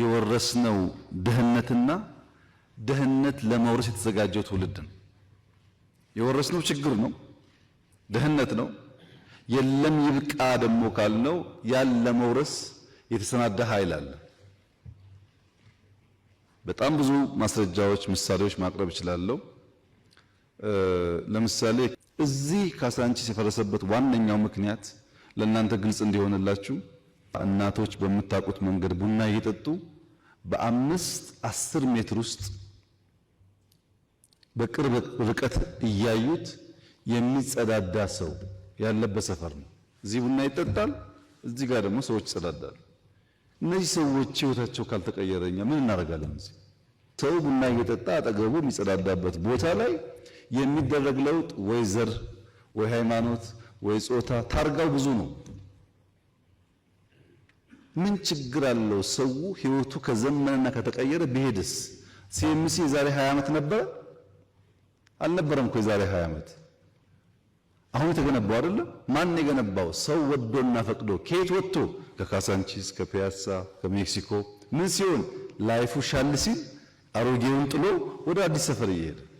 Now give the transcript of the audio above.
የወረስነው ድህነትና ድህነት ለመውረስ የተዘጋጀው ትውልድ ነው። የወረስነው ችግር ነው፣ ድህነት ነው። የለም ይብቃ ደግሞ ካልነው ያን ለመውረስ የተሰናዳ ኃይል አለ። በጣም ብዙ ማስረጃዎች፣ ምሳሌዎች ማቅረብ እችላለሁ። ለምሳሌ እዚህ ካሳንቺስ የፈረሰበት ዋነኛው ምክንያት ለእናንተ ግልጽ እንዲሆንላችሁ እናቶች በምታውቁት መንገድ ቡና እየጠጡ በአምስት አስር ሜትር ውስጥ በቅርብ ርቀት እያዩት የሚጸዳዳ ሰው ያለበት ሰፈር ነው። እዚህ ቡና ይጠጣል፣ እዚህ ጋር ደግሞ ሰዎች ይጸዳዳሉ። እነዚህ ሰዎች ህይወታቸው ካልተቀየረ ምን እናደርጋለን? እዚህ ሰው ቡና እየጠጣ አጠገቡ የሚጸዳዳበት ቦታ ላይ የሚደረግ ለውጥ ወይ ዘር ወይ ሃይማኖት ወይ ጾታ ታርጋው ብዙ ነው። ምን ችግር አለው? ሰው ህይወቱ ከዘመነና ከተቀየረ ቢሄድስ? ሲኤምሲ የዛሬ 20 ዓመት ነበረ አልነበረም እኮ የዛሬ 20 ዓመት። አሁን የተገነባው አይደለም። ማን የገነባው? ሰው ወዶና ፈቅዶ። ከየት ወጥቶ? ከካሳንቺስ፣ ከፒያሳ፣ ከሜክሲኮ ምን ሲሆን ላይፉ ሻል ሲል አሮጌውን ጥሎ ወደ አዲስ ሰፈር እየሄደ